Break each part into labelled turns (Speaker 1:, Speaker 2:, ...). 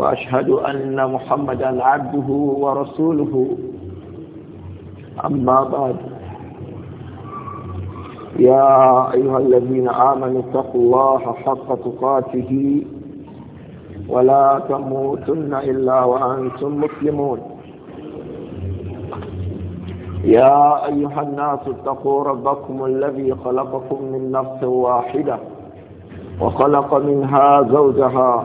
Speaker 1: وأشهد أن محمدا عبده ورسوله أما بعد يا أيها الذين آمنوا اتقوا الله حق تقاته ولا تموتن إلا وأنتم مسلمون يا أيها الناس اتقوا ربكم الذي خلقكم من نفس واحدة وخلق منها زوجها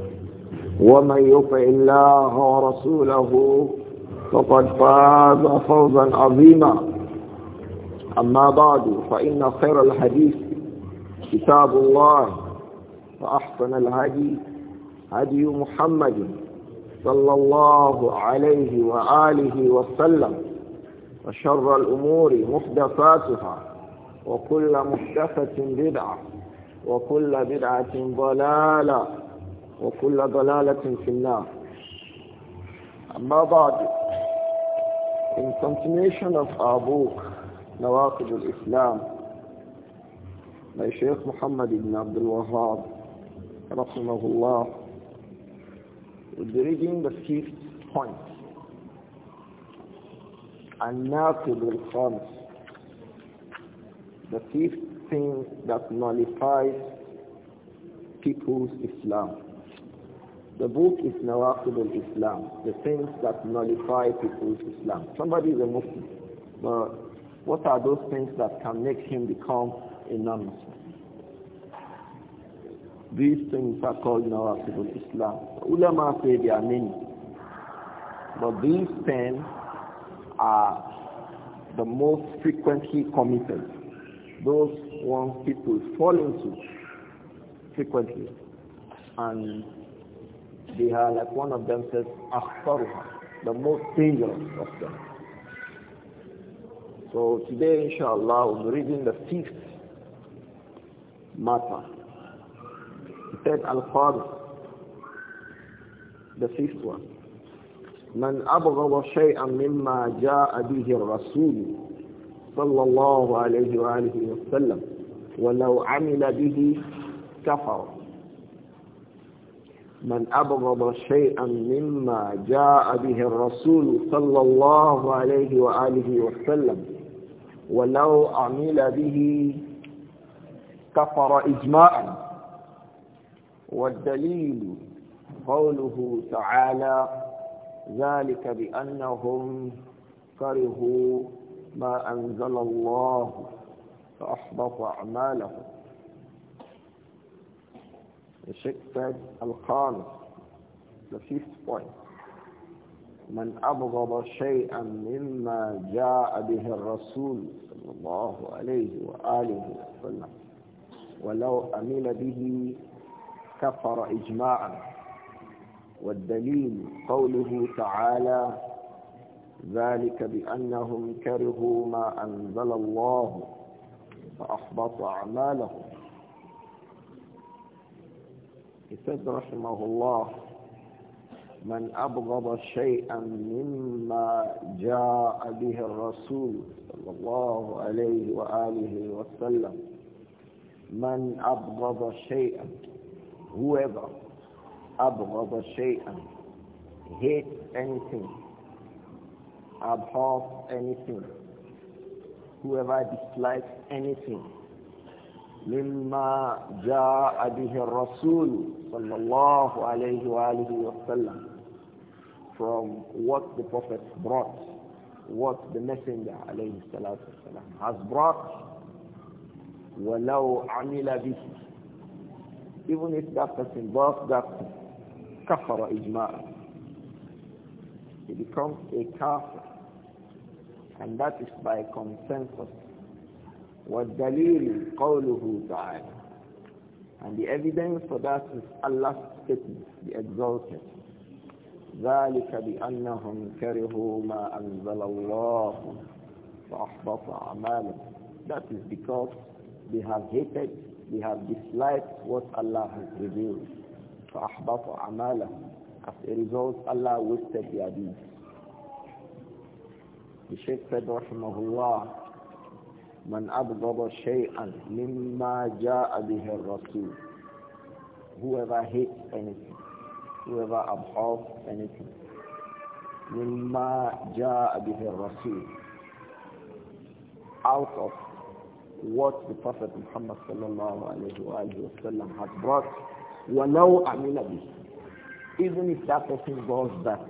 Speaker 1: ومن يطع الله ورسوله فقد فاز فوزا عظيما أما بعد فإن خير الحديث كتاب الله وأحسن الهدي هدي محمد صلى الله عليه وآله وسلم وشر الأمور محدثاتها وكل محدثة بدعة وكل بدعة ضلالة وكل ضلالة في النار أما بعد In continuation of our book نواقض الإسلام by Sheikh Muhammad ibn Abdul Wahab رحمه الله we'll be reading the fifth point الناقض الخامس the fifth thing that nullifies people's Islam The book is Nawaqib al-Islam, the things that nullify people's Islam. Somebody is a Muslim, but what are those things that can make him become a non-Muslim? These things are called Nawaqib al-Islam. Ulama say they are many, but these ten are the most frequently committed. Those ones people fall into frequently. And biha, like one of them says, akhtaruha, the most dangerous of them. So today, inshallah, we'll be reading the fifth matter. It said al-qadr, the fifth one. من أبغض شيئا مما جاء به الرسول صلى الله عليه وآله وسلم ولو عمل به كفر من أبغض شيئا مما جاء به الرسول صلى الله عليه وآله وسلم ولو عمل به كفر إجماعا والدليل قوله تعالى ذلك بأنهم كرهوا ما أنزل الله فأحبط أعمالهم الشيخ Sheikh الخامس the fifth point. من أبغض شيئا مما جاء به الرسول صلى الله عليه وآله وسلم ولو أمل به كفر إجماعا والدليل قوله تعالى ذلك بأنهم كرهوا ما أنزل الله فأحبط أعمالهم He رحمه الله من أبغض شيئا مما جاء به الرسول صلى الله عليه وآله وسلم من أبغض شيئا whoever أبغض شيئا hates anything abhors anything whoever dislikes anything مما جاء به الرسول sallallahu alayhi from what the Prophet brought, what the Messenger alayhi salatu wasalam has brought, وَلَوْ عَمِلَ بِهِ Even if that person does that, كَفَرَ إِجْمَاعًا He becomes a kafir. And that is by consensus. وَالدَّلِيلُ قَوْلُهُ تَعَالَى and the evidence for that is Allah's statement, the exalted. ذلك بأنهم كرهوا ما أنزل الله فأحبط أعمالهم That is because they have hated, they have disliked what Allah has revealed. فأحبط أعمالهم As a result, Allah wasted their deeds. The Shaykh said, رحمه الله, من أبغض شيئا مما جاء به الرسول whoever hates anything whoever abhors anything مما جاء به الرسول out of what the Prophet Muhammad صلى الله عليه وآله وسلم has brought ولو عمل به even if that person goes back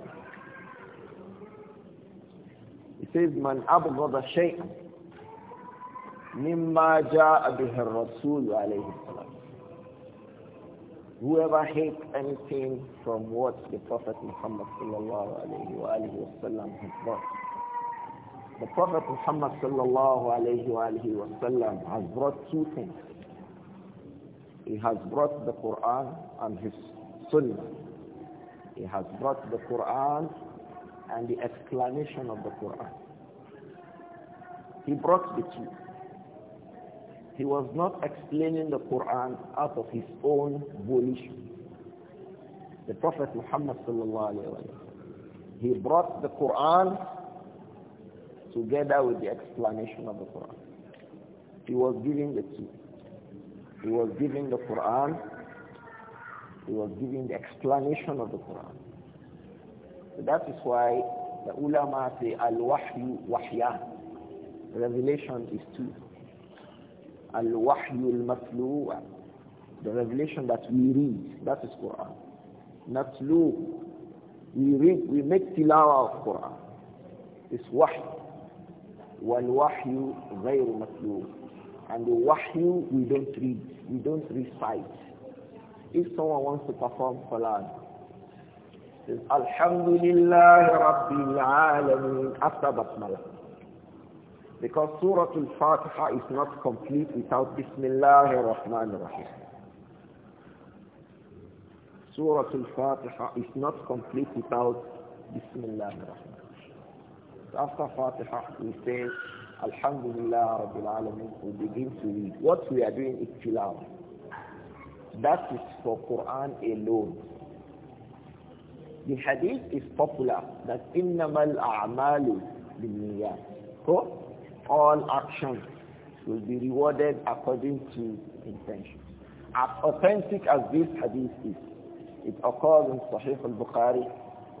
Speaker 1: he says من أبغض شيئا مما جاء به الرسول عليه السلام Whoever hates anything from what the Prophet Muhammad صلى الله عليه وآله وسلم has brought. The Prophet Muhammad صلى الله عليه وآله وسلم has brought two things. He has brought the Quran and his Sunnah. He has brought the Quran and the explanation of the Quran. He brought the two he was not explaining the Quran out of his own volition. The Prophet Muhammad he brought the Quran together with the explanation of the Quran. He was giving the two. He was giving the Quran. He was giving the explanation of the Quran. So that is why the ulama say al-wahyu wahyan. Revelation is two. Al-Wahyu al The revelation that we read, that is Quran. Matlu. We read, we make tilawa of Quran. It's Wahyu. Wal-Wahyu غير matlu. And the Wahyu, we don't read. We don't recite. If someone wants to perform Salat, says, Alhamdulillah Rabbil Alameen. After Basmalah. Because Surah Al-Fatiha is not complete without Bismillah ar-Rahman ar-Rahim. Surah Al-Fatiha is not complete without Bismillah ar-Rahman so After Fatiha, we say, Alhamdulillah Rabbil Alameen, we begin to read. What we are doing is tilawah. That is for Quran alone. The hadith is popular that innamal a'malu binniyat. Ko? all actions will be rewarded according to intention. As authentic as this hadith is, it occurs in Sahih al-Bukhari,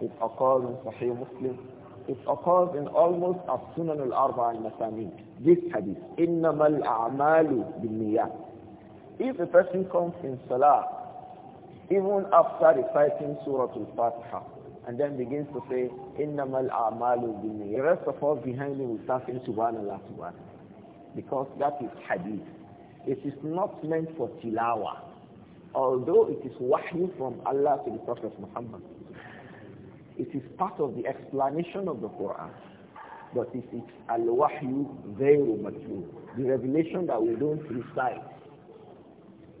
Speaker 1: it occurs in Sahih Muslim, it occurs in almost as Sunan al-Arba al-Masamid. This hadith, إِنَّمَا الْأَعْمَالُ بِالنِّيَّةِ If a person comes in Salah, even after reciting Surah Al-Fatiha, and then begins to say, Innamal a'malu bin The rest of us behind him will start saying, Subhanallah, Subhanallah. Because that is hadith. It is not meant for tilawa. Although it is wahy from Allah to the Prophet Muhammad. It is part of the explanation of the Quran. But it is al-wahyu very mature. The revelation that we don't recite.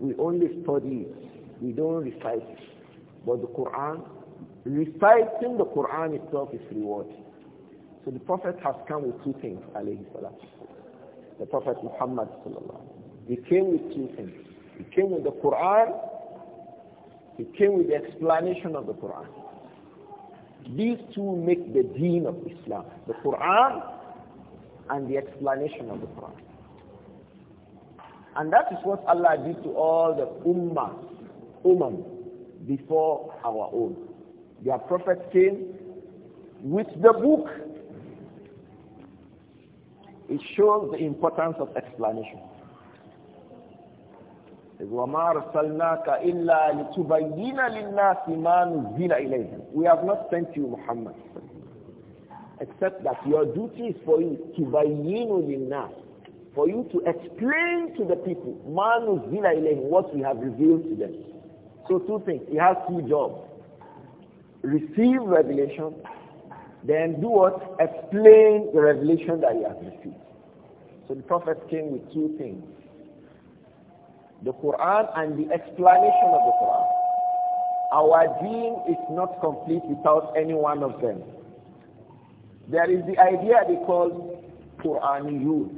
Speaker 1: We only study it. We don't recite it. But the Quran reciting the Quran itself is reward. So the Prophet has come with two things, alayhi salam. The Prophet Muhammad sallallahu He came with two things. He came with the Quran. He came with the explanation of the Quran. These two make the deen of Islam. The Quran and the explanation of the Quran. And that is what Allah did to all the ummah, umam, before our own. Their prophet came with the book. It shows the importance of explanation. وَمَا إِلَّا لِتُبَيِّنَ لِلنَّاسِ مَا نُزِّلَ إِلَيْهِمْ We have not sent you, Muhammad, except that your duty is for you to for you to explain to the people مَا نُزِّلَ إِلَيْهِمْ what we have revealed to them. So two things. He has two jobs receive revelation, then do what? Explain the revelation that you have received. So the prophet came with two things. The Quran and the explanation of the Quran. Our being is not complete without any one of them. There is the idea they call you.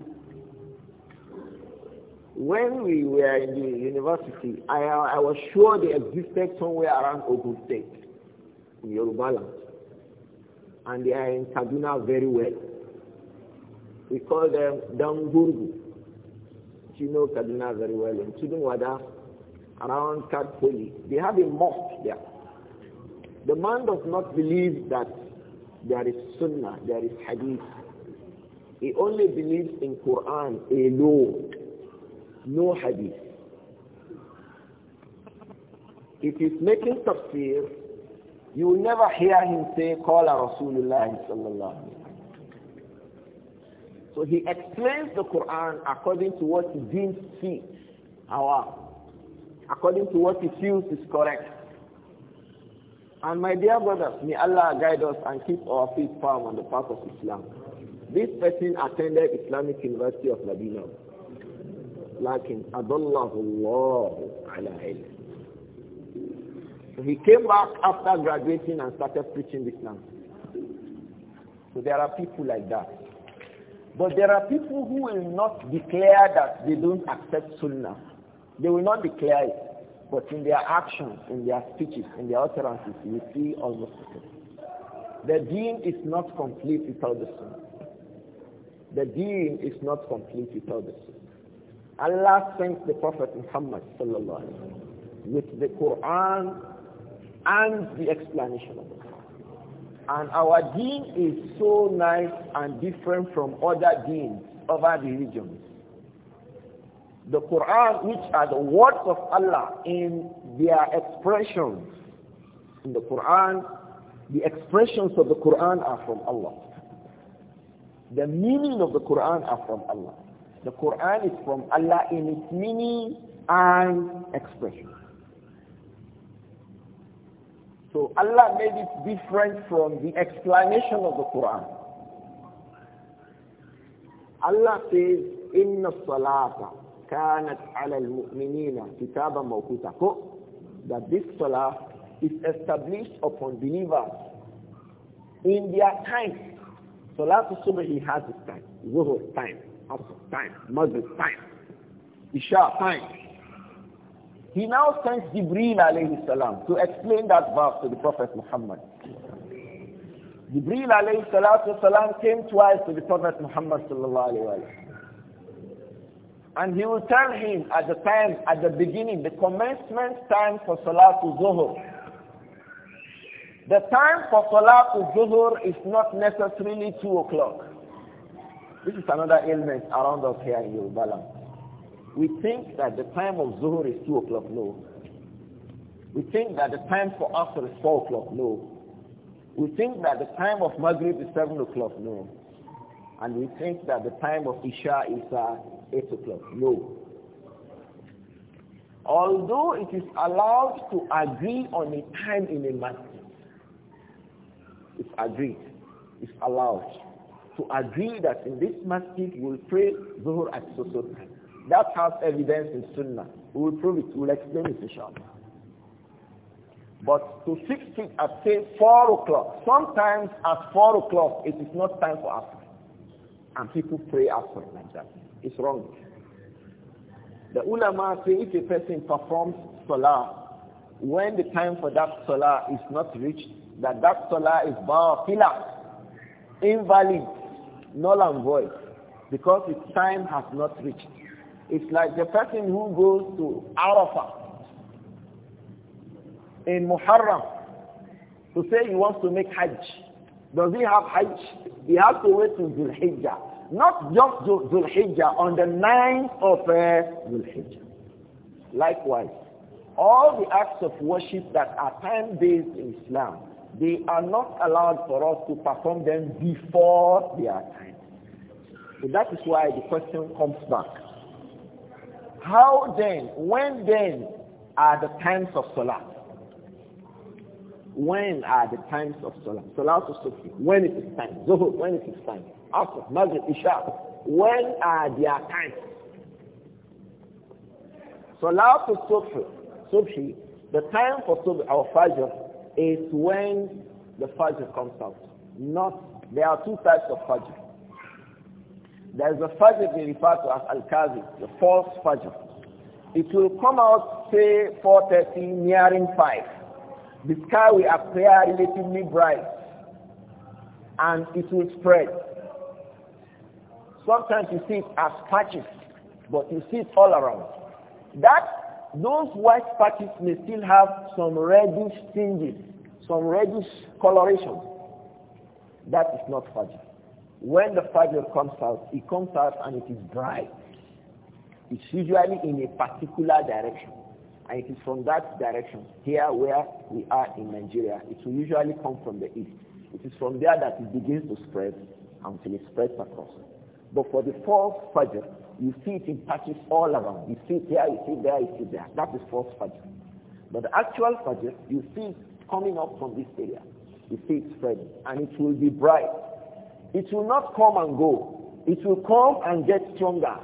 Speaker 1: When we were in the university, I, I was sure they existed somewhere around Ogun State in Yoruba land. And they are in Kaduna very well. We call them Dangurgu. You know Kaduna very well. In Tudunwada, around Kadpoli, they have a mosque there. The man does not believe that there is Sunnah, there is Hadith. He only believes in Quran alone, no Hadith. It is making tafsir, you will never hear him say, Call Rasulullah sallallahu So he explains the Quran according to what he deems fit, our, according to what he feels is correct. And my dear brothers, may Allah guide us and keep our feet firm on the path of Islam. This person attended Islamic University of Medina. لكن أضله الله على علم so he came back after graduating and started preaching Islam. So there are people like that. But there are people who will not declare that they don't accept Sunnah. They will not declare it. But in their actions, in their speeches, in their utterances, you see almost the same. The deen is not complete without the Sunnah. The deen is not complete without the Sunnah. Allah sent the Prophet Muhammad with the Quran and the explanation of Quran. And our deen is so nice and different from other deens, other religions. The Quran, which are the words of Allah in their expressions, in the Quran, the expressions of the Quran are from Allah. The meaning of the Quran are from Allah. The Quran is from Allah in its meaning and expression. So Allah made it different from the explanation of the Quran. Allah says, Inna salata kanat ala al-mu'minina kitaba mawkuta. That this salah is established upon believers in their time. Salatul subh he has his time. Zuhur time. Asr time. Maghrib time. Isha time. He now sends Jibreel alayhi salam to explain that verse to the Prophet Muhammad. Jibreel alayhi salatu salam came twice to the Prophet Muhammad sallallahu alayhi wa And he will tell him at the time, at the beginning, the commencement time for Salatul Zuhur. The time for Salatul Zuhur is not necessarily 2 o'clock. This is another ailment around us here in Yoruba we think that the time of Zuhur is 2 o'clock, no. We think that the time for Asr is 4 o'clock, no. We think that the time of Maghrib is 7 o'clock, no. And we think that the time of Isha is uh, 8 o'clock, no. Although it is allowed to agree on a time in a masjid, it's agreed, it's allowed to agree that in this masjid we'll pray Zuhur at so time. That has evidence in Sunnah. We will prove it. We will explain it, inshallah. But to fix it at say 4 o'clock, sometimes at 4 o'clock it is not time for Asr. And people pray Asr like that. It's wrong. The ulama say if a person performs Salah, when the time for that Salah is not reached, that that Salah is ba'afila, invalid, null and void, because its time has not reached. It's like the person who goes to Arafah in Muharram to say he wants to make Hajj. Does he have Hajj? He has to wait till Dhul Hijjah. Not just Dhul Hijjah, on the ninth of uh, Dhul Hijjah. Likewise, all the acts of worship that are time-based in Islam, they are not allowed for us to perform them before their time. So that is why the question comes back. How then, when then are the times of Salah? When are the times of Salah? Salah to Sufi, when it is time. Zuhur, when it is time. After Maghrib, Isha, when are their times? Salah to Sufi, Sufi, the time for Sufi, our Fajr, is when the Fajr comes out. Not, there are two types of Fajr. There is a fajr we refer to as al-kazi, the false fajr. It will come out, say, 4.30, nearing 5. The sky will appear relatively bright and it will spread. Sometimes you see it as patches, but you see it all around. That those white patches may still have some reddish tinges, some reddish coloration. That is not fajr. When the fire comes out, it comes out and it is bright. It's usually in a particular direction. And it is from that direction, here where we are in Nigeria. It will usually come from the east. It is from there that it begins to spread until it spreads across. But for the false Fajr, you see it in patches all around. You see it here, you see it there, you see it there. That is false Fajr. But the actual Fajr, you see it coming up from this area. You see it spreading. And it will be bright. It will not come and go. It will come and get stronger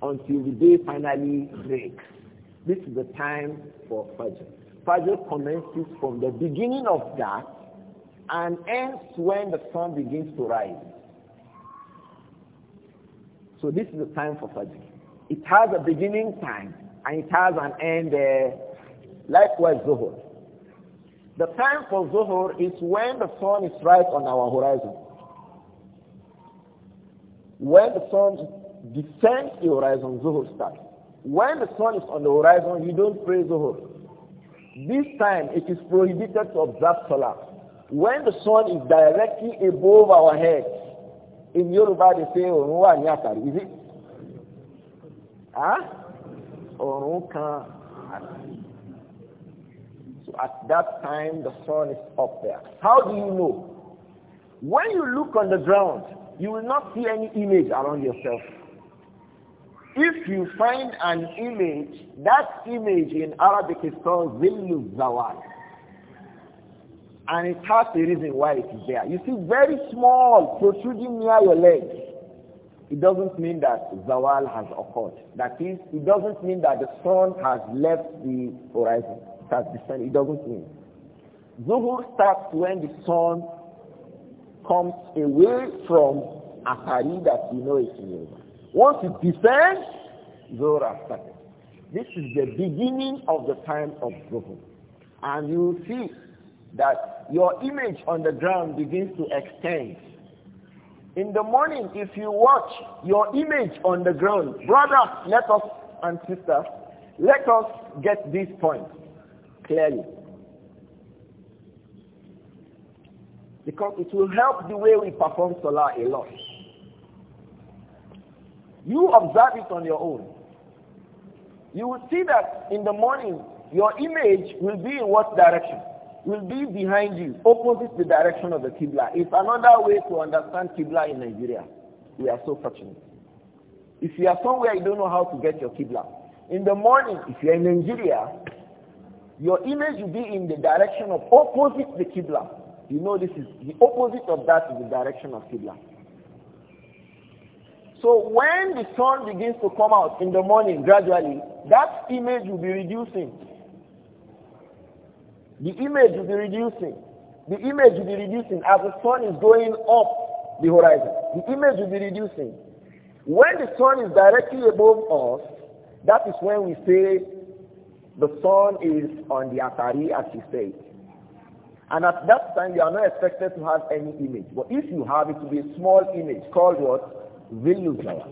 Speaker 1: until the day finally breaks. This is the time for Fajr. Fajr commences from the beginning of that and ends when the sun begins to rise. So this is the time for Fajr. It has a beginning time and it has an end. Uh, likewise, Zohor. The time for Zohor is when the sun is right on our horizon. When the sun descends the horizon, Zohar starts. When the sun is on the horizon, you don't pray Zuhur. This time, it is prohibited to observe Salah. When the sun is directly above our head, in Yoruba they say, Orunwa Nyakari, is it? Huh? Ah? Orunka. So at that time, the sun is up there. How do you know? When you look on the ground, you will not see any image around yourself. If you find an image, that image in Arabic is called Zillu Zawal. And it has a reason why it is there. You see, very small, protruding near your leg. It doesn't mean that Zawal has occurred. That is, it doesn't mean that the sun has left the horizon. It has descended. It doesn't mean. Zuhur starts when the sun comes away from Atari that you know is Yoruba. Once it descends, Zora started. This is the beginning of the time of Zohar. And you see that your image on the ground begins to extend. In the morning, if you watch your image on the ground, brothers, let us and sisters, let us get this point clearly. Because it will help the way we perform salah a lot. You observe it on your own. You will see that in the morning, your image will be in what direction? Will be behind you, opposite the direction of the Qibla. It's another way to understand Qibla in Nigeria. We are so fortunate. If you are somewhere you don't know how to get your Qibla, in the morning, if you are in Nigeria, your image will be in the direction of opposite the Qibla. You know this is the opposite of that is the direction of Qibla. So when the sun begins to come out in the morning gradually, that image will be reducing. The image will be reducing. The image will be reducing as the sun is going up the horizon. The image will be reducing. When the sun is directly above us, that is when we say the sun is on the Atari, as you say. And at that time, you are not expected to have any image. But if you have, it will be a small image called what? Villujawa.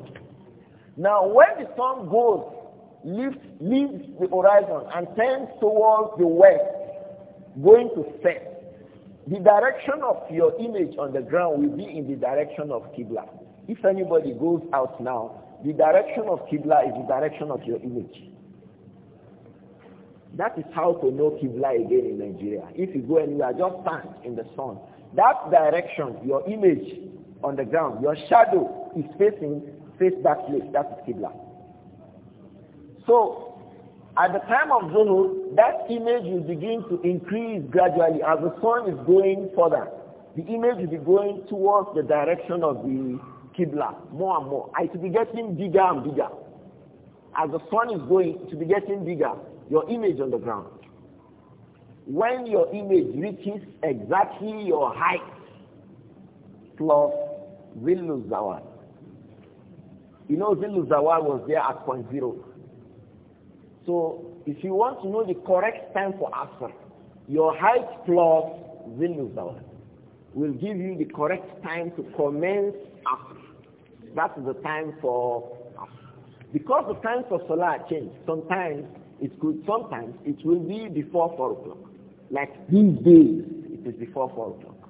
Speaker 1: Now, when the sun goes, leaves, leaves the horizon and turns towards the west, going to set, the direction of your image on the ground will be in the direction of Qibla. If anybody goes out now, the direction of Qibla is the direction of your image. That is how to know Kibla again in Nigeria. If you go anywhere, just stand in the sun. That direction, your image on the ground, your shadow is facing, face that place. That is Kibla. So, at the time of Zuhur, that image will begin to increase gradually as the sun is going further. The image will be going towards the direction of the Kibla more and more. Ah, it will be getting bigger and bigger. As the sun is going, it will be getting bigger your image on the ground. When your image reaches exactly your height plus Zillu You know Zillu was there at point zero. So if you want to know the correct time for Asr, your height plus Zillu will give you the correct time to commence Asr. That is the time for Asr. Because the times for Salah change, sometimes it could sometimes, it will be before 4 o'clock. Like these days, it is before 4 o'clock.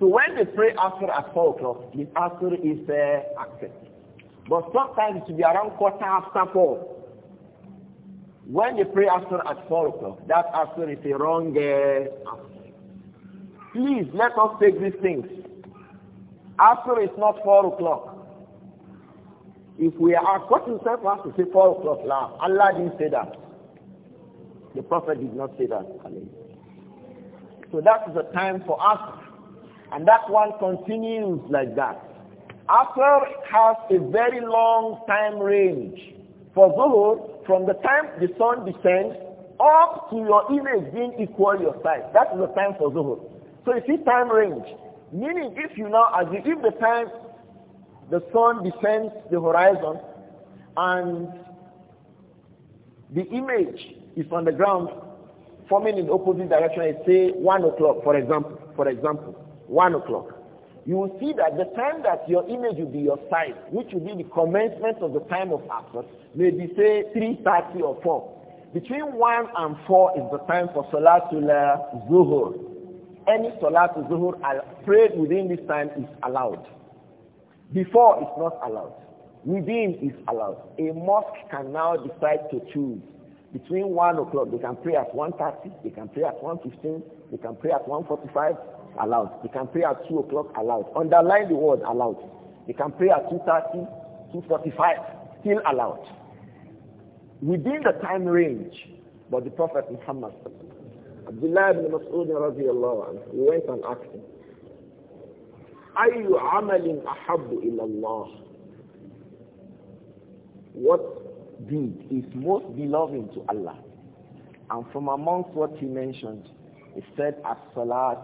Speaker 1: So when they pray after at 4 o'clock, the after is uh, accepted. But sometimes it will be around quarter after 4. When they pray after at 4 o'clock, that after is a wrong uh, after. Please, let us take these things. After is not 4 o'clock. If we are quoting himself to say, four o'clock now, Allah didn't say that. The Prophet did not say that. So that is the time for us. And that one continues like that. Asr has a very long time range. For Zuhur, from the time the sun descends up to your image being equal your size. That is the time for Zuhur. So you see time range. Meaning if you now, as you, if the time the sun defends the horizon and the image is on the ground forming in opposite direction I say one o'clock for example for example one o'clock you will see that the time that your image will be your size which will be the commencement of the time of asr may be say 3.30 or 4 between 1 and 4 is the time for Salatul Zuhur. Any Salatul Zuhur prayed within this time is allowed. Before is not allowed. Within is allowed. A mosque can now decide to choose between 1 o'clock, they can pray at 1.30, they can pray at 1.15, they can pray at 1.45, allowed. They can pray at 2 o'clock, allowed. Underline the word allowed. They can pray at 2.30, 2.45, still allowed. Within the time range, but the Prophet Muhammad, Abdullah ibn Mas'ud radiallahu he went and asked him, أي عمل أحب إلى الله What deed is most beloved to Allah? And from amongst what he mentioned, he said, As-salat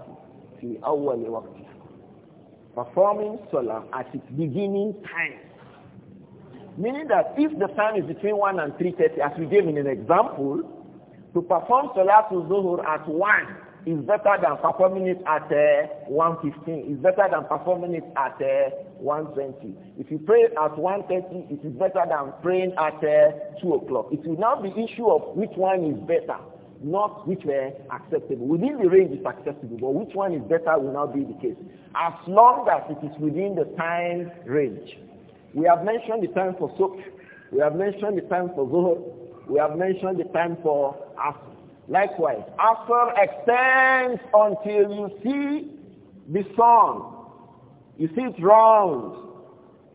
Speaker 1: fi awwal waqti. Performing salah at its beginning time. Meaning that if the time is between 1 and 3.30, as we gave in an example, to perform salah to zuhur at 1, is better than performing it at uh, 115. It's better than performing it at uh, 120. If you pray at 130, it is better than praying at uh, 2 o'clock. It will now be issue of which one is better, not which way acceptable. Within the range is acceptable, but which one is better will now be the case. As long as it is within the time range. We have mentioned the time for soap, We have mentioned the time for zuhur. We have mentioned the time for asr. Likewise, after extends until you see the sun. You see it round.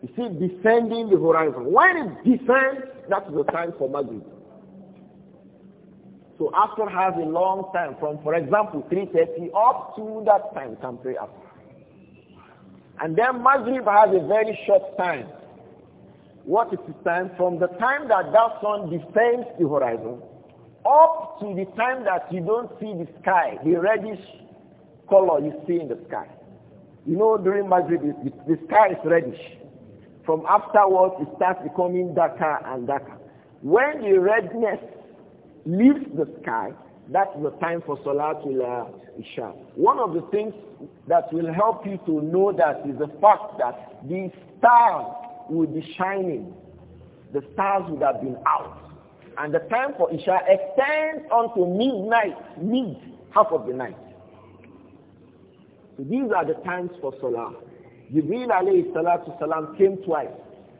Speaker 1: You see it descending the horizon. When it descends, that is the time for Maghrib. So after has a long time from, for example, 3.30 up to that time can pray after. And then Maghrib has a very short time. What is the time? From the time that that sun descends the horizon up to the time that you don't see the sky, the reddish color you see in the sky. You know, during Maghrib, the, the sky is reddish. From afterwards, it starts becoming darker and darker. When the redness leaves the sky, that's the time for Salatul Isha. One of the things that will help you to know that is the fact that the stars will be shining. The stars would have been out and the time for Isha extends unto midnight, mid, half of the night. So these are the times for Salah. Jibreel alayhi salatu salam came twice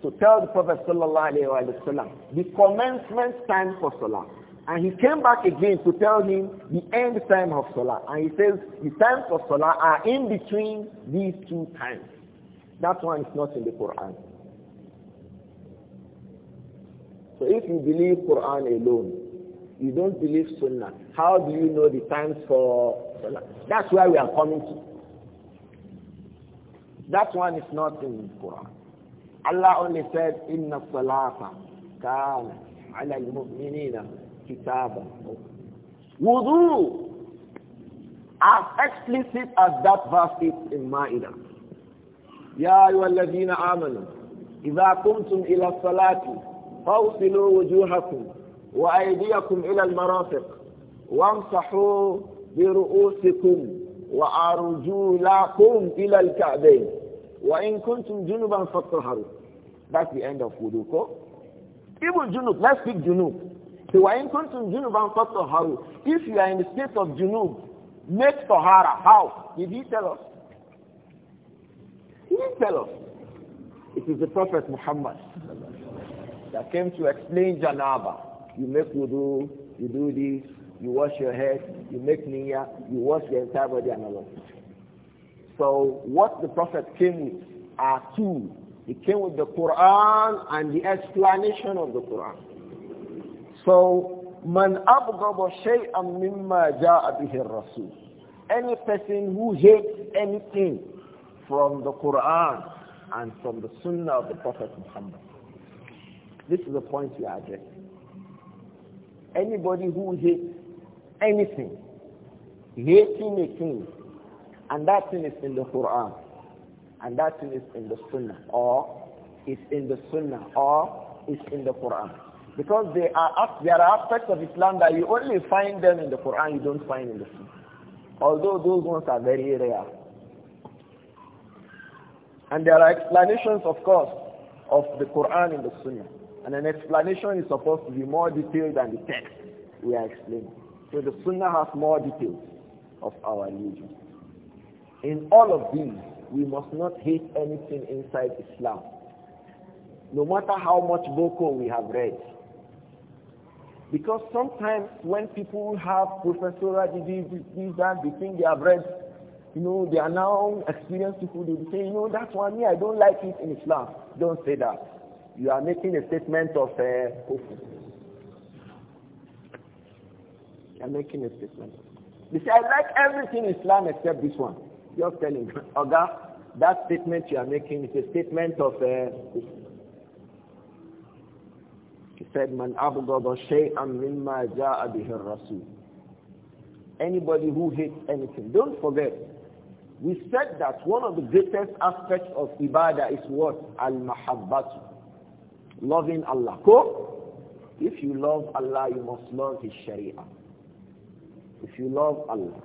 Speaker 1: to tell the Prophet sallallahu alayhi wa sallam the commencement time for Salah. And he came back again to tell him the end time of Salah. And he says the times of Salah are in between these two times. That one is not in the Quran. So if you believe Quran alone, you don't believe Sunnah, how do you know the times for Sunnah? That's where we are coming to. That one is not in Quran. Allah only said, Inna salata kana ala al-mu'minina kitaba. Wudu! As explicit as that verse is in Ma'idah. Ya ayyuhalladhina amanu. إذا قمتم إلى الصلاة فاوصلوا وجوهكم وأيديكم إلى المرافق وامسحوا برؤوسكم وأرجلكم إلى الكعبين وإن كنتم جنبا فاطهروا That's the end of wuduko. Even junub, let's speak junub. So وإن كنتم جنبا فاطهروا If you are in the state of junub, make tahara. How? Did he tell us? He didn't tell us. It is the Prophet Muhammad. that came to explain janaba. You make wudu, you do this, you wash your head, you make niyyah, you wash your entire body and all of So what the Prophet came with are two. He came with the Quran and the explanation of the Quran. So man abghaba shay'an mimma ja'a bihi rasul Any person who hates anything from the Quran and from the Sunnah of the Prophet Muhammad this is the point we are addressing. Anybody who hates anything, hating a thing, and that thing is in the Quran, and that thing is in the Sunnah, or is in the Sunnah, or is in the Quran. Because there are, there are aspects of Islam that you only find them in the Quran, you don't find in the Sunnah. Although those ones are very rare. And there are explanations, of course, of the Quran in the Sunnah. And an explanation is supposed to be more detailed than the text we are explaining. So the Sunnah has more details of our religion. In all of these, we must not hate anything inside Islam. No matter how much Boko we have read. Because sometimes when people have professorial degrees, these that they think they have read, you know, they are now experienced people, they say, you know, that's one me, I don't like it in Islam. Don't say that you are making a statement of a uh, You are making a statement. You say, I like everything Islam except this one. You're telling Oga, that statement you are making is a statement of a uh, He said, Man Abu shay'an mimma ja'a bihi rasul Anybody who hates anything. Don't forget, we said that one of the greatest aspects of ibadah is what? Al-mahabbatu. Loving Allah. If you love Allah, you must love His Sharia. If you love Allah,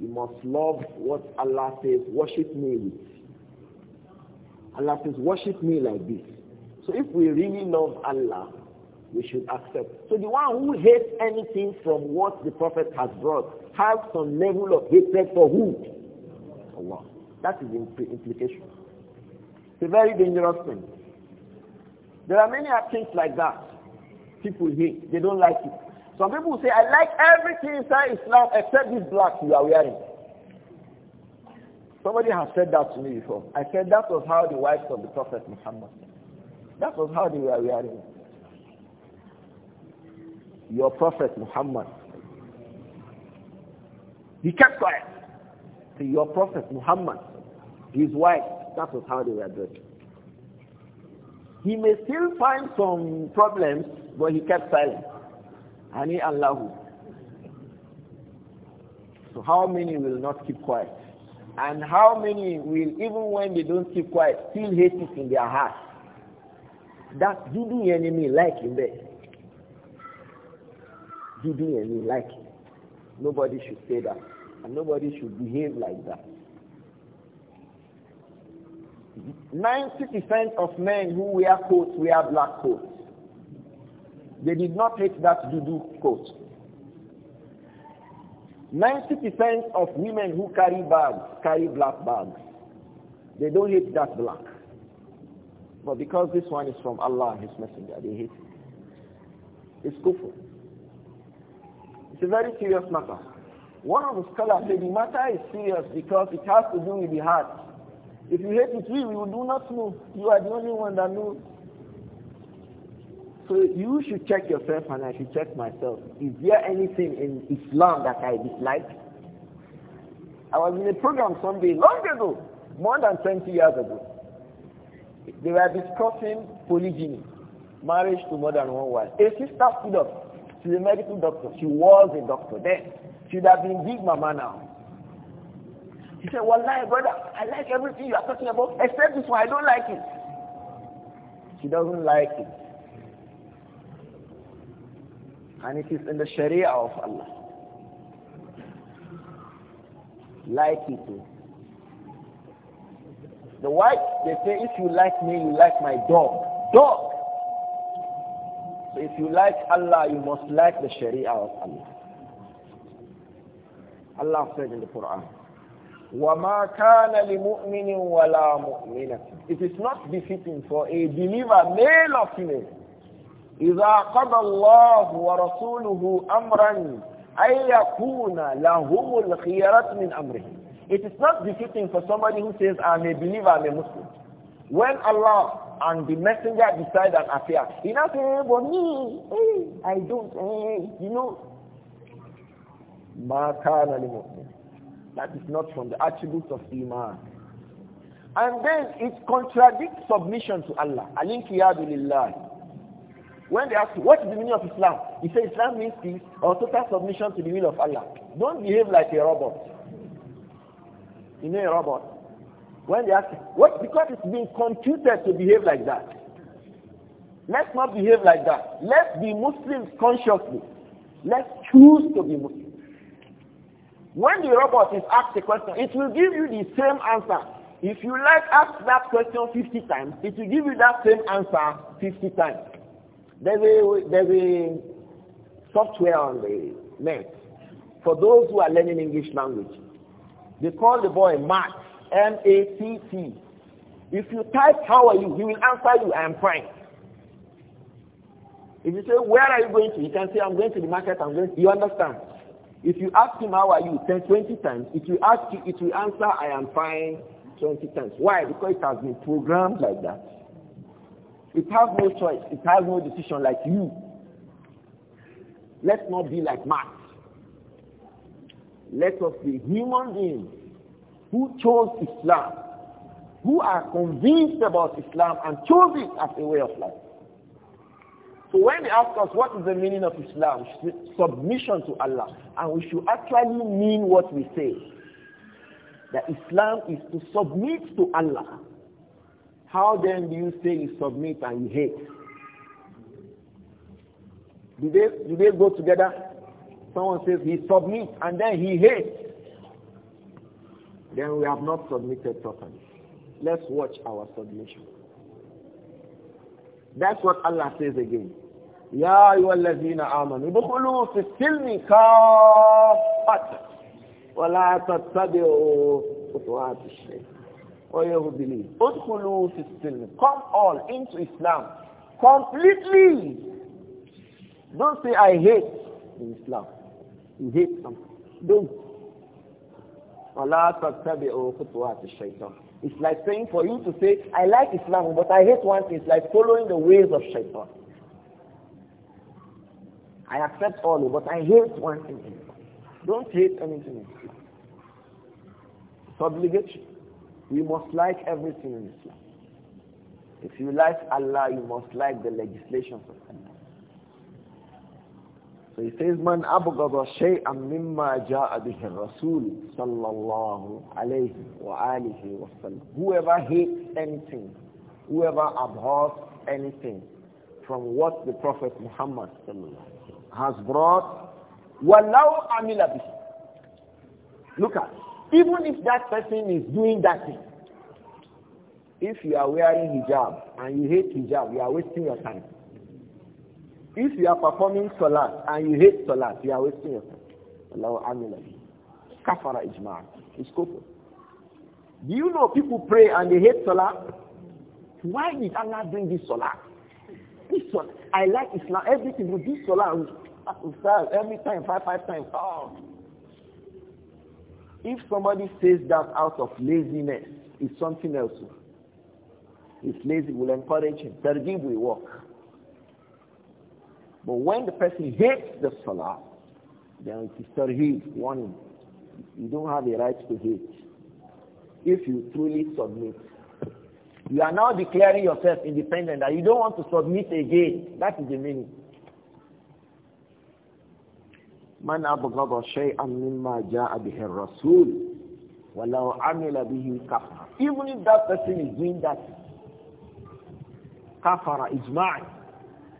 Speaker 1: you must love what Allah says, worship me with. Allah says, worship me like this. So if we really love Allah, we should accept. So the one who hates anything from what the Prophet has brought has some level of hatred for who? Allah. That is the implication. It's a very dangerous thing. There are many things like that. People hate. They don't like it. Some people say, I like everything inside Islam except this black you are wearing. Somebody has said that to me before. I said that was how the wives of the Prophet Muhammad. That was how they were wearing. Your Prophet Muhammad. He kept quiet. your Prophet Muhammad, his wife, that was how they were dressed. He may still find some problems, but he kept silent. Ani Allahu. So how many will not keep quiet? And how many will, even when they don't keep quiet, still hate it in their heart? do the enemy like him there. The enemy like. him. Nobody should say that. And nobody should behave like that. 90% of men who wear coats wear black coats. They did not take that dudu coat. 90% of women who carry bags carry black bags. They don't hate that black. But because this one is from Allah and His Messenger, they hate it. It's kufr. It's a very serious matter. One of the scholars said the matter is serious because it has to do with the heart. If you hate it, we, will do not move. You are the only one that knows. So you should check yourself and I should check myself. Is there anything in Islam that I dislike? I was in a program someday long ago, more than 20 years ago. They were discussing polygyny, marriage to more than one wife. A sister stood up. She's a medical doctor. She was a doctor then. She'd have been big mama now. He said, Wallahi, brother, I like everything you are talking about, except this one, I don't like it. He doesn't like it. And it is in the Sharia of Allah. Like it. The white, they say, if you like me, you like my dog. Dog! So if you like Allah, you must like the Sharia of Allah. Allah said in the Quran, وَمَا كَانَ لِمُؤْمِنٍ وَلَا مُؤْمِنَةٍ It is not befitting for a believer, male or female, إِذَا قَضَى اللَّهُ وَرَسُولُهُ أَمْرًا أَن يَكُونَ لَهُمُ الْخِيَرَةُ مِنْ أَمْرِهِ It is not befitting for somebody who says, I'm a believer, I'm a Muslim. When Allah and the messenger decide an affair, he not say, hey, but me, hey, I don't, hey, you know. مَا كَانَ لِمُؤْمِنٍ that is not from the attributes of Iman. And then it contradicts submission to Allah. Alinkiyadu When they ask you, what is the meaning of Islam? he say Islam means this: or total submission to the will of Allah. Don't behave like a robot. You know a robot. When they ask you, what? Because it's been computed to behave like that. Let's not behave like that. Let's be Muslims consciously. Let's choose to be muslims when the robot is asked a question, it will give you the same answer. If you like ask that question 50 times, it will give you that same answer 50 times. There's a, there's a software on the net for those who are learning English language. They call the boy Matt, M-A-T-T. If you type, how are you, he will answer you, I am fine. If you say, where are you going to? He can say, I'm going to the market, I'm going to, you understand. If you ask him, how are you, 10, 20 times, If you ask you, it will answer, I am fine, 20 times. Why? Because it has been programmed like that. It has no choice. It has no decision like you. Let's not be like Matt. Let us be human beings who chose Islam, who are convinced about Islam and chose it as a way of life. So when they ask us what is the meaning of Islam, submission to Allah. And we should actually mean what we say. That Islam is to submit to Allah. How then do you say you submit and you hate? Do they, do they go together? Someone says he submits and then he hates. Then we have not submitted properly. Let's watch our submission. That's what Allah says again. يا أيها الذين آمنوا ادخلوا في السلم كافة ولا تتبعوا خطوات الشيطان or you believe. Udkhulu Come all into Islam. Completely. Don't say, I hate in Islam. You hate something. Don't. وَلَا تَتَّبِعُوا خُطُوَاتِ الشَّيْطَانِ It's like saying for you to say, I like Islam, but I hate one thing. It's like following the ways of shaitan. I accept all, but I hate one thing Don't hate anything in Islam. It's obligation. We must like everything in Islam. If you like Allah, you must like the legislations of Allah. So he says, Man abgada shay'an mimma ja'a bihi Rasul sallallahu alayhi wa alihi wa sallam. Whoever hates anything, whoever abhors anything from what the Prophet Muhammad sallallahu has brought walau amila Look at even if that person is doing that thing, if you are wearing hijab and you hate hijab, you are wasting your time. If you are performing salat and you hate salat, you are wasting your time. Walau amila Kafara ijma' is kufr. Do you know people pray and they hate salah? Why did Allah bring this salah? This salah, I like Islam, everything, but this salah, every time, five, five times. Oh. If somebody says that out of laziness, it's something else. If lazy, will encourage him. Tarjib will work. But when the person hates the salah, then it is tarjib, warning. You don't have a right to hate. If you truly submit. You are now declaring yourself independent that you don't want to submit again. That is the meaning even if that person is doing that is إجماع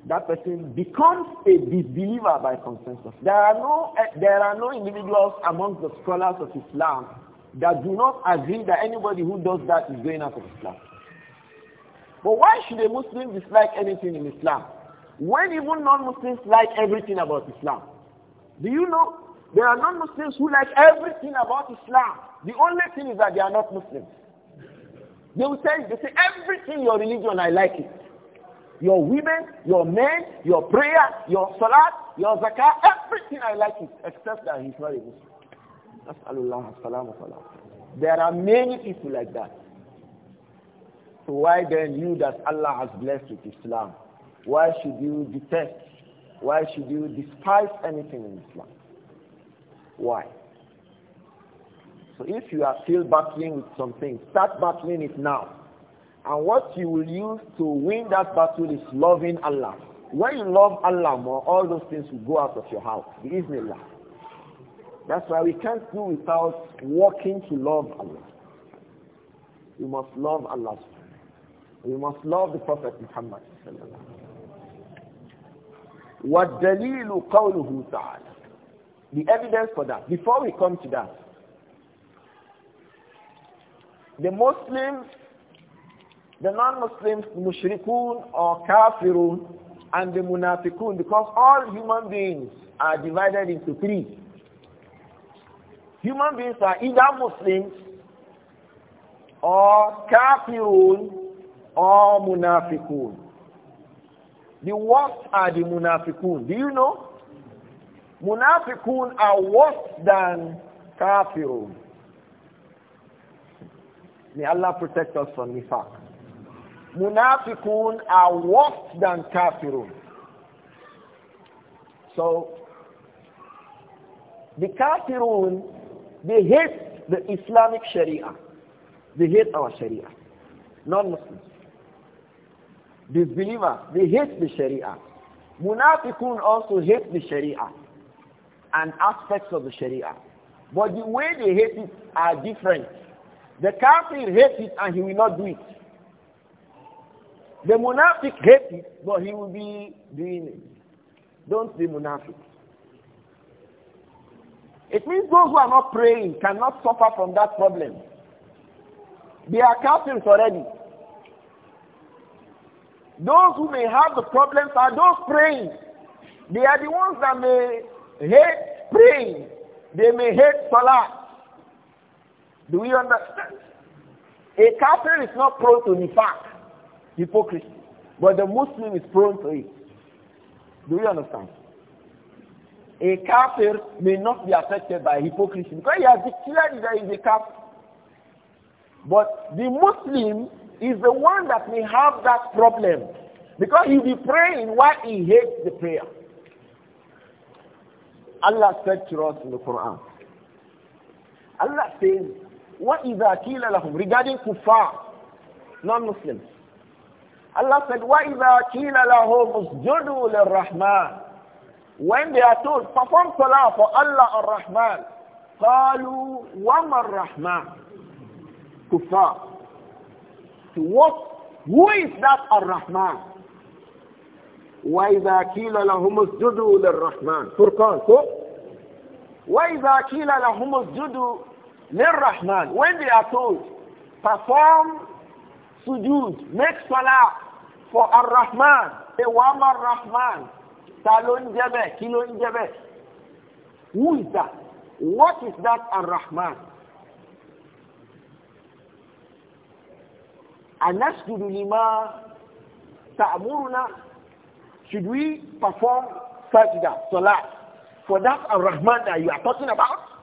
Speaker 1: that person becomes a disbeliever by consensus there are no there are no individuals among the scholars of Islam that do not agree that anybody who does that is going out of Islam but why should a Muslim dislike anything in Islam when even non-Muslims like everything about Islam do you know? There are non-Muslims who like everything about Islam. The only thing is that they are not Muslims. They will tell you, they say, everything your religion, I like it. Your women, your men, your prayer, your salat, your zakah, everything I like it, except that he's not a Muslim. Nas'alullah as There are many people like that. So why then you that Allah has blessed with Islam, why should you detest why should you despise anything in Islam? Why? So if you are still battling with something, start battling it now. And what you will use to win that battle is loving Allah. When you love Allah more, all those things will go out of your house. Bismillah. That's why we can't do without working to love Allah. We must love Allah. We must love the Prophet Muhammad. وَالدَّلِيلُ قَوْلُهُ تَعَالَى The evidence for that. Before we come to that, the Muslims, the non-Muslims, mushrikun or kafirun, and the munafiqun, because all human beings are divided into three. Human beings are either Muslims or kafirun or munafiqun. The worst are the munafiqun. Do you know? Munafiqun are worse than kafirun. May Allah protect us from nifaq. Munafiqun are worse than kafirun. So, the kafirun, they hate the Islamic Sharia. They hate our Sharia. Non-Muslims. Disbelievers, they hate the Sharia. Munafiqun also hate the Sharia and aspects of the Sharia. But the way they hate it are different. The kafir hates it and he will not do it. The munafiq hates it, but he will be doing it. Don't be munafiq. It means those who are not praying cannot suffer from that problem. They are kafirs already. Those who may have the problems are those praying. They are the ones that may hate praying. They may hate salah. Do we understand? A kafir is not prone to nifaq, hypocrisy, but the Muslim is prone to it. Do you understand? A kafir may not be affected by hypocrisy because he has declared that he is a kafir. But the Muslim is the one that may have that problem because he'll be praying Why he hates the prayer. Allah said to us in the Quran, Allah says, "What is that لَهُمْ Regarding kuffar, non-Muslims. Allah said, "Why is that اسْجُدُوا لِلرَّحْمَنِ When they are told, perform salah for Allah or Rahman, قَالُوا وَمَا Kuffar to what? Who is that Ar-Rahman? وَإِذَا كِيلَ لَهُمُ اسْجُدُوا لِلرَّحْمَنِ Furqan, so? وَإِذَا كِيلَ لَهُمُ اسْجُدُوا rahman When they are told, perform sujood, make salah for Ar-Rahman, the one Ar-Rahman, Salon Jabe, Kilo Jabe. Who is that? What is that Ar-Rahman? anasjudu lima ta'muruna should we perform sajda salah for that ar-rahman that you are talking about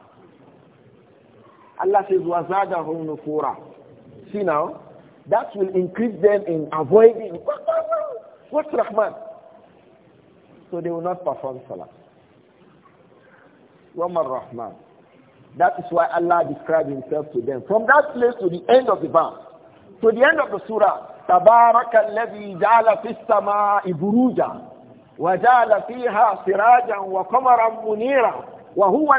Speaker 1: allah says wa zadahum nufura see now that will increase them in avoiding what's rahman so they will not perform salah Wamar Rahman. That is why Allah described himself to them. From that place to the end of the verse. to the end of the surah تبارك buruja جعل في fiha sirajan وجعل فيها سراجا wa منيرا وهو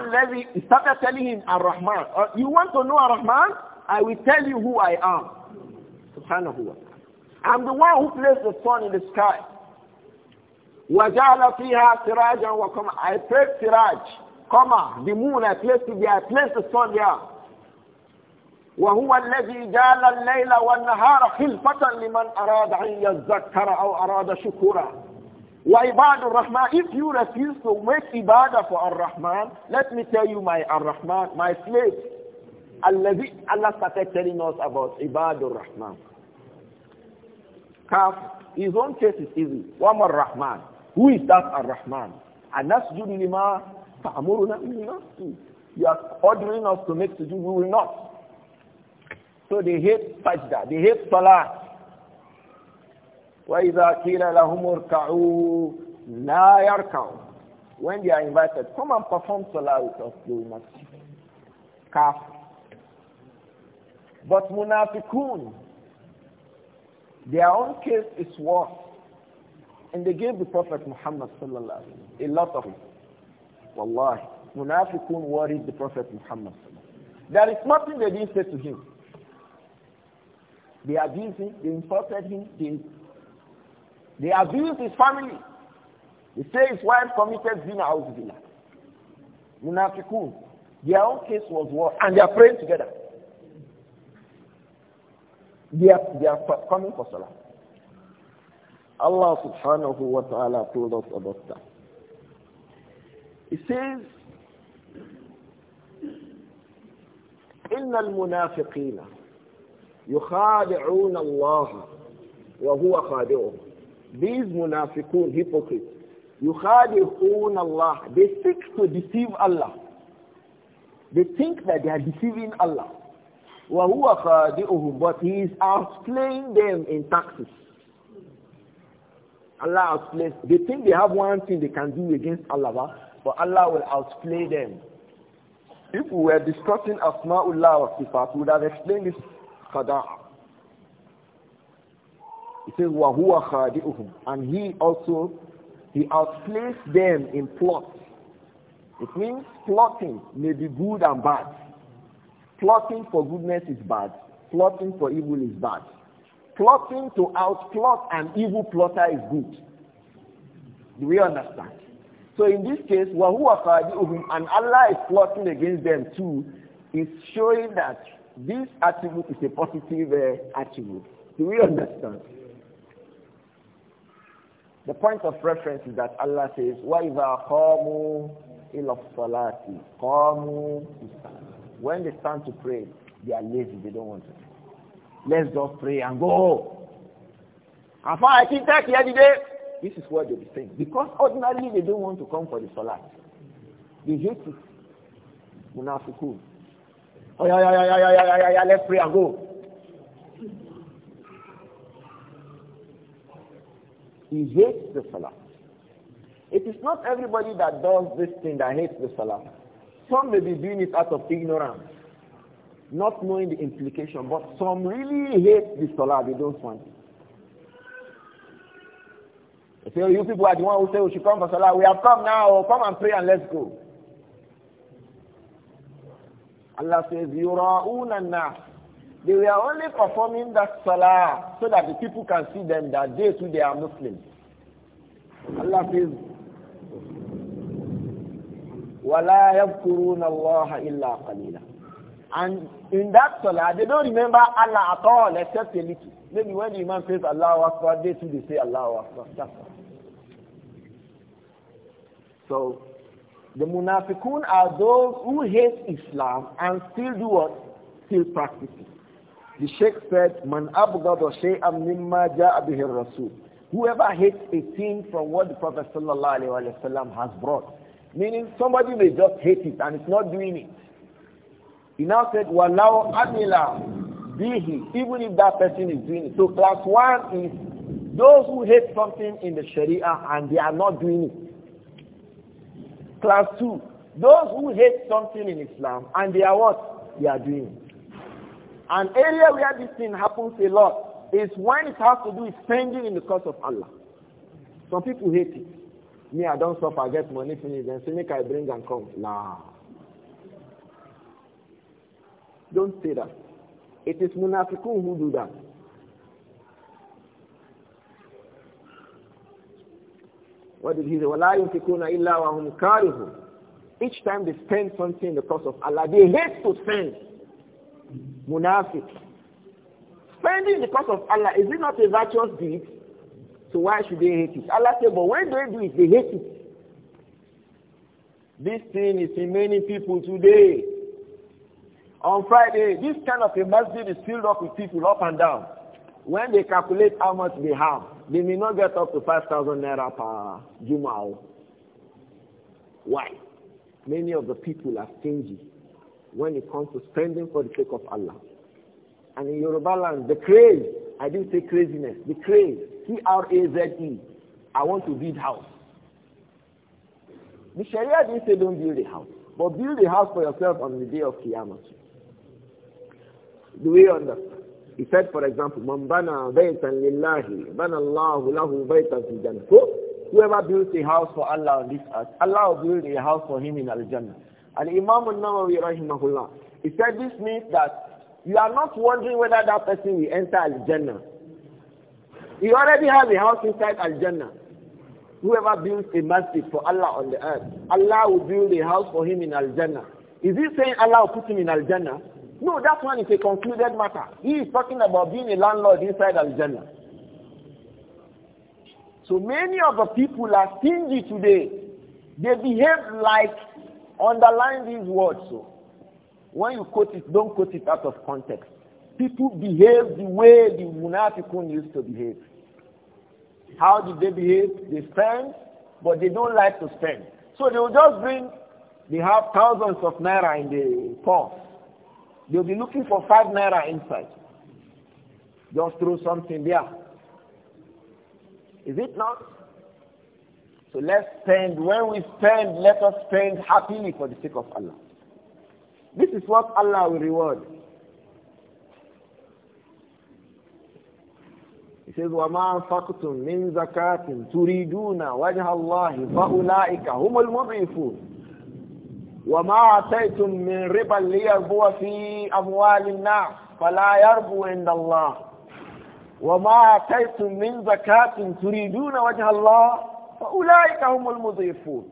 Speaker 1: istaqata lihim لهم الرحمن you want to know ar-rahman I will tell you who I am wa ta'ala I'm the one who placed the sun in the sky وجعل فيها سراجا وقمرا I placed siraj qamar the moon I placed it I placed the sun there if you refuse to make ibadah for Ar-Rahman let me tell you my Ar-Rahman my slave Allah started telling us about عباد rahman Kaf his own case is easy وما Rahman? who is that Ar-Rahman أنسجد لما تأمرنا من you are ordering us to make sujood we will not so they hate sajda, they hate salah. وَإِذَا قِيلَ لَهُمُ ارْكَعُوا لَا يَرْكَعُوا When they are invited, come and perform salah with us, they will not. But munafiqun, their own case is worse. And they gave the Prophet Muhammad sallallahu a lot of it. Wallahi. Munafikun worried the Prophet Muhammad There is nothing they didn't say to him. They abused him, they insulted him, they, they abused his family. They say his wife committed zina out zina. Munafikun. Their own case was war, and they are praying together. They are, they are coming for salah. Allah subhanahu wa ta'ala told us about that. He says, إن المنافقين يخادعون الله وهو خادعهم These munafiqun, hypocrites, يخادعون Allah. They seek to deceive Allah. They think that they are deceiving Allah. But he is outplaying them in taxes. Allah outplays. They think they have one thing they can do against Allah, but Allah will outplay them. If we were discussing Asma'ullah wa Sifat, we would have explained this qada. It says وَهُوَ خَادِئُهُمْ And he also, he outplays them in plot It means plotting may be good and bad. Plotting for goodness is bad. Plotting for evil is bad. Plotting to outplot an evil plotter is good. Do we understand? So in this case, وَهُوَ خَادِئُهُمْ And Allah is plotting against them too, is showing that this attribute is a positive uh, attribute. Do we understand? The point of reference is that Allah says, وَإِذَا قَامُوا إِلَى الصَّلَاةِ قَامُوا When they stand to pray, they are lazy, they don't want to. Let's just pray and go home. I here today. This is what they be saying. Because ordinarily they don't want to come for the salah. They hate it. Munafiqun. Oh, yeah, yeah, yeah, yeah, yeah, yeah, yeah, let's pray and go. He hates the salah. It is not everybody that does this thing that hates the salah. Some may be doing it out of ignorance, not knowing the implication, but some really hate the salah, they don't want it. They say, oh, you people are the one who say we should come for salah. We have come now, come and pray and let's go. Allah says, يُرَاءُونَ النَّاسِ They were only performing that salah so that the people can see them that they too they are Muslims. Allah says, وَلَا يَذْكُرُونَ اللَّهَ إِلَّا قَلِيلًا And in that salah, they don't remember Allah at all except a little. Maybe when the Imam says Allah Akbar, they too they say Allah Akbar. That's all. So the munafiqun are those who hate Islam and still do what? Still practice it. The Sheikh said, Man abgada shay'an mimma ja'a bihi rasul Whoever hates a thing from what the Prophet sallallahu alaihi wasallam has brought. Meaning somebody may just hate it and is not doing it. He now said, Walau amila bihi, even if that person is doing it. So class one is those who hate something in the Sharia and they are not doing it. Class 2. Those who hate something in Islam and they are what? They are doing. An area where this thing happens a lot is when it has to do with spending in the cause of Allah. Some people hate it. Me, I don't suffer, I get money finished, then say, make I bring and come. Nah. Don't say that. It is munafiq who do that. What did he say? وَلَا يُنْفِقُونَ إِلَّا وَهُمْ كَارِهُونَ Each time they spend something in the cause of Allah, they hate to spend. Munafiq. Spending in the cause of Allah, is it not a virtuous deed? So why should they hate it? Allah said, but when they do it, they hate it. This thing is in many people today. On Friday, this kind of a masjid is filled up with people up and down. When they calculate how much they have, they may not get up to 5,000 naira per Jum'ah. Why? Many of the people are stingy when it comes to spending for the sake of Allah. And in Yoruba land, the craze, I didn't say craziness, the craze, C-R-A-Z-E, I want to build house. The Sharia didn't say don't build a house, but build a house for yourself on the day of Qiyamah. Do we understand? He said, for example, Man bana baytan lillahi, lahu baytan fi So, whoever builds a house for Allah on this earth, Allah will build a house for him in Al-Jannah. And Imam al-Nawawi rahimahullah, he said this means that you are not wondering whether that person will enter Al-Jannah. He already has a house inside Al-Jannah. Whoever builds a masjid for Allah on the earth, Allah will build a house for him in Al-Jannah. Is he saying Allah will put him in Al-Jannah? No, that one is a concluded matter. He is talking about being a landlord inside Algeria. So many of the people are stingy today. They behave like, underline these words. So when you quote it, don't quote it out of context. People behave the way the Munafikun used to behave. How did they behave? They spend, but they don't like to spend. So they will just bring, they have thousands of naira in the purse. They'll be looking for five naira inside. Just throw something there. Is it not? So let's spend. When we spend, let us spend happily for the sake of Allah. This is what Allah will reward. He says, وَمَا أَنفَقْتُم مِّن زَكَاةٍ تُرِيدُونَ وَجْهَ اللَّهِ فَأُولَٰئِكَ هُمُ الْمُضْعِفُونَ وما أتيتم من ربا ليربو في أموال الناس فلا يربو عند الله وما أتيتم من زكاة تريدون وجه الله فأولئك هم المضيفون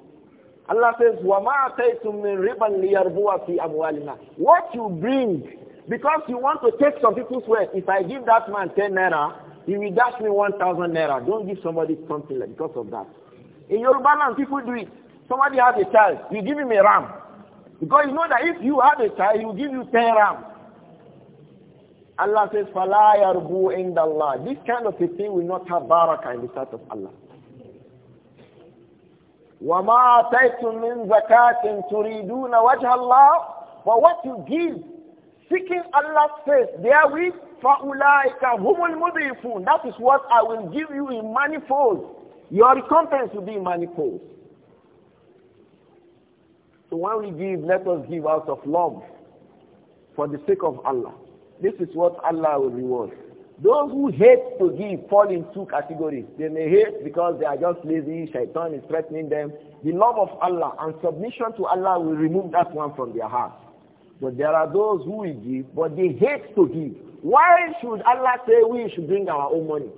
Speaker 1: Allah says, وَمَا أَتَيْتُم مِّن رِبًا لِيَرْبُوَ فِي أَمْوَالِنَا What you bring, because you want to take some people's wealth, if I give that man 10 naira, he will dash me 1,000 naira. Don't give somebody something like because of that. In your balance, people do it. Somebody has a child, you give him a ram. Because you know that if you have a child, he will give you 10 rams. Allah says, فَلَا يَرْبُوا عِنْدَ اللَّهِ This kind of a thing will not have barakah in the sight of Allah. وَمَا أَتَيْتُم مِّن زَكَاةٍ تُرِيدُونَ وَجْهَ اللَّهِ But what you give, seeking Allah's face, therewith فَأُولَٰئِكَ هُمُ الْمُضِيفُونَ That is what I will give you in manifold. Your recompense will be manifold. So when we give, let us give out of love for the sake of Allah. This is what Allah will reward. Those who hate to give fall in two categories. They may hate because they are just lazy, shaitan is threatening them. The love of Allah and submission to Allah will remove that one from their heart. But there are those who will give, but they hate to give. Why should Allah say we should bring our own money?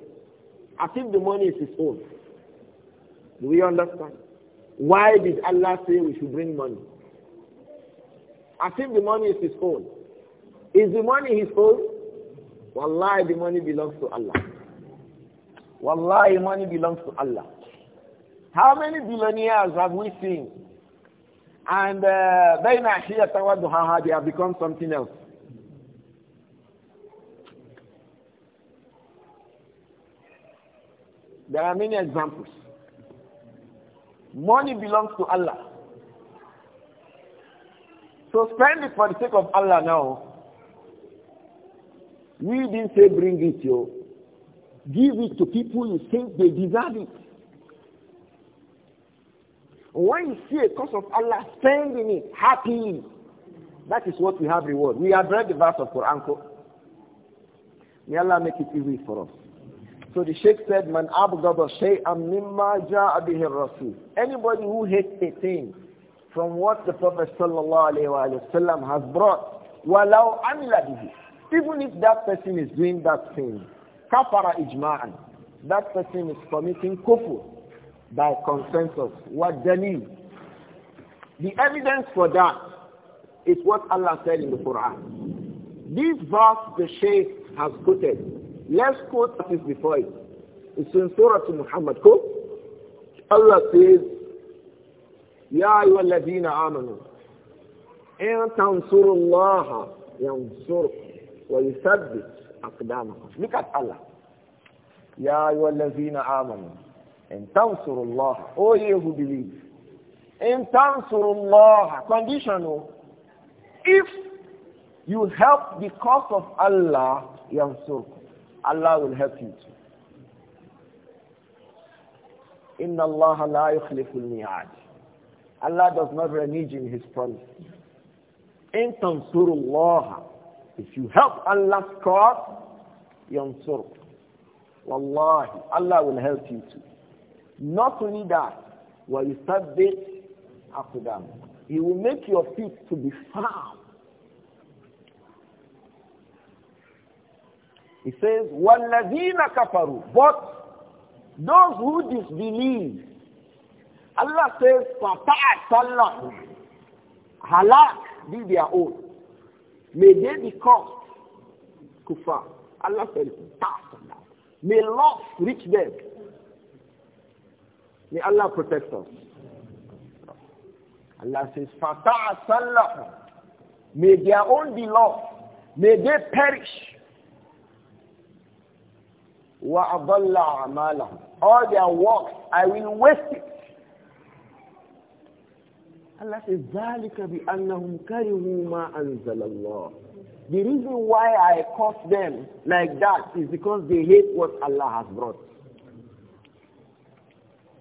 Speaker 1: As if the money is his own. Do we understand? Why did Allah say we should bring money? As if the money is his own. Is the money his own? Wallahi, the money belongs to Allah. Wallahi, money belongs to Allah. How many billionaires have we seen? And uh, they have become something else. There are many examples. Money belongs to Allah. So spend it for the sake of Allah now. We didn't say bring it, yo. Give it to people you think they deserve it. When you see a cause of Allah, spending it happily. That is what we have reward. We have read the verse of Quran. May Allah make it easy for us. So the Sheikh said, Man abgada shay'an mimma ja'a bihi rasul Anybody who hates a thing from what the Prophet sallallahu alayhi wa, has brought, walau amila bihi. Even if that person is doing that thing, kafara ijma'an. That person is committing kufu by consensus. What dalil? The evidence for that is what Allah said in the Quran. This verse the Shaykh has quoted Let's quote this before it. It's in Surah to Muhammad. Quote. Allah says, Ya أيها الذين آمنوا إن تنصروا الله ينصركم ويثبت أقدامكم. Look at Allah. Ya أيها الذين آمنوا إن تنصروا الله. Oh who believe. إن تنصروا الله. Conditional. Oh. If you help the cause of Allah, ينصركم. Allah will help you too. Inna Allah la yukhliful mi'ad. Allah does not renege in his promise. In tansurullah. If you help Allah's cause, yansur. Wallahi, Allah will help you too. Not only that, after أَقْدَامَكُمْ He will make your feet to be firm. He says, وَالَّذِينَ كَفَرُوا But those who disbelieve, Allah says, فَطَعَتَ اللَّهُ Halak be their own. May they be cursed. Kufar. Allah says, تَعْتَ May loss reach them. May Allah protect us. Allah says, فَتَعَسَلَّهُ May their own be lost. May they perish. وَأَضَلَّ أَعْمَالَهُمْ All their works, I will waste it. Allah says, ذَلِكَ بِأَنَّهُمْ كَرِهُوا مَا أَنزَلَ اللَّهُ The reason why I curse them like that is because they hate what Allah has brought.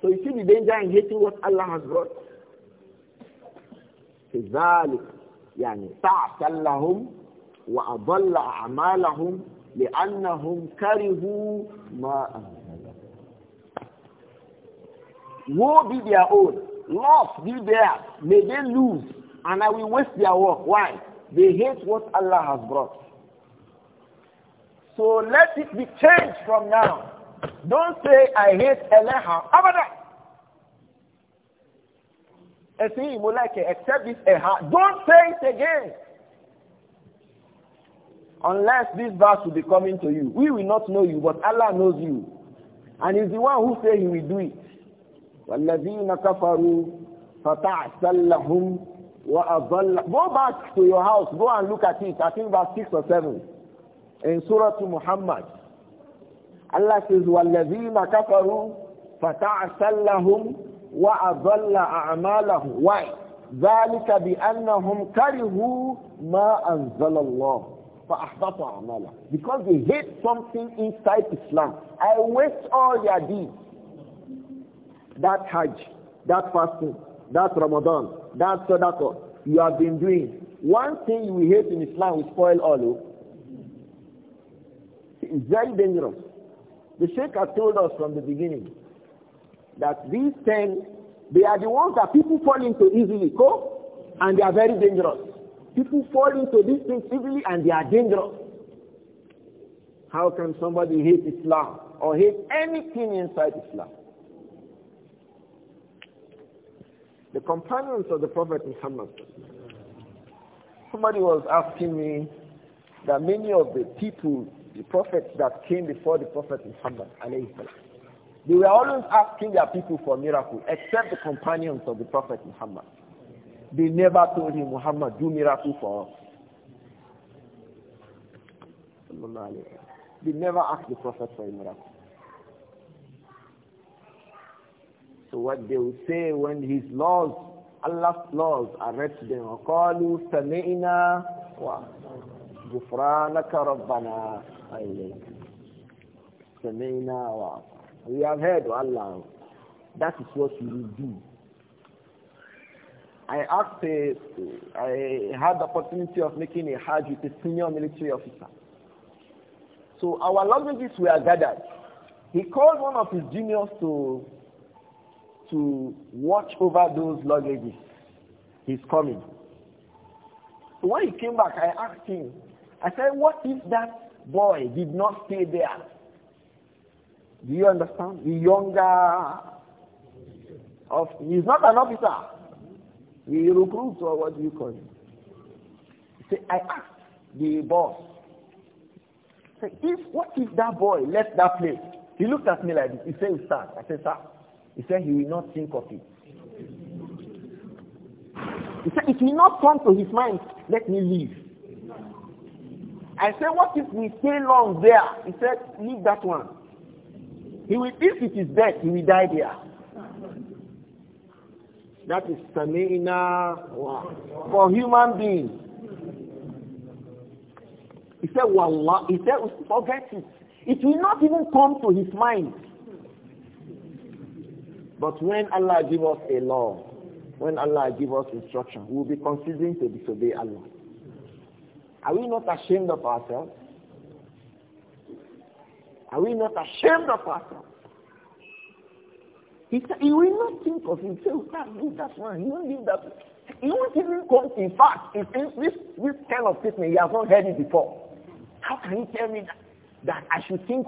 Speaker 1: So you see the danger in hating what Allah has brought. ذَلِكَ يعني تَعْسَلَّهُمْ وَأَضَلَّ أَعْمَالَهُمْ لأنهم كرهوا ما أنزل Woe be their own. Loss be their. May they lose. And I will waste their work. Why? They hate what Allah has brought. So let it be changed from now. Don't say, I hate Eleha. Abadah. Except this Eha. Don't say it again. Unless this verse will be coming to you, we will not know you, but Allah knows you. And He's the one who says He will do it. وَالَّذِينَ كَفَرُوا فَتَعْسَلْ لَهُمْ Go back to your house, go and look at it. I think verse 6 or 7 in Surah to Muhammad. Allah says, وَالَّذِينَ كَفَرُوا فَتَعْسَلْ لَهُمْ وَأَضَلَّ أَعْمَالَهُمْ Why? ذلك بأنهم كرهوا ما أنزل الله because they hate something inside Islam. I waste all their deeds. That Hajj, that fasting, that Ramadan, that Sadaqah you have been doing. One thing you hate in Islam will spoil all of oh. It's very dangerous. The Sheikh has told us from the beginning that these ten, they are the ones that people fall into easily, go, and they are very dangerous. People fall into these things easily and they are dangerous. How can somebody hate Islam or hate anything inside Islam? The companions of the Prophet Muhammad. Somebody was asking me that many of the people, the prophets that came before the Prophet Muhammad, they were always asking their people for miracles, except the companions of the Prophet Muhammad. They never told him, Muhammad, do miracle for us. They never asked the Prophet for a miracle. So what they will say when his laws, Allah's laws are read to them, وَقَالُوا سَمِعْنَا وَغُفْرَانَكَ رَبَّنَا سَمِعْنَا We have heard, Allah. That is what you will do I asked a, I had the opportunity of making a hajj with a senior military officer. So our languages were gathered. He called one of his juniors to to watch over those luggages. He's coming. So when he came back, I asked him, I said, what if that boy did not stay there? Do you understand? The younger of he's not an officer. We recruit or what do you call it? Say, I asked the boss. Say, if what if that boy left that place? He looked at me like this. He said, sir. I said, sir. He said he will not think of it. He said, it will not come to his mind, let me leave. I said, what if we stay long there? He said, leave that one. He will, if it is dead, he will die there. That is Sami'na for human beings. He said, Wallah, he said, forget it. It will not even come to his mind. But when Allah give us a law, when Allah give us instruction, we will be considering to disobey Allah. Are we not ashamed of ourselves? Are we not ashamed of ourselves? He, he will not think of himself. He will not do that one. He won't do that. He won't even come. In fact, if this, this kind of statement, he has not heard it before. How can you tell me that, that I should think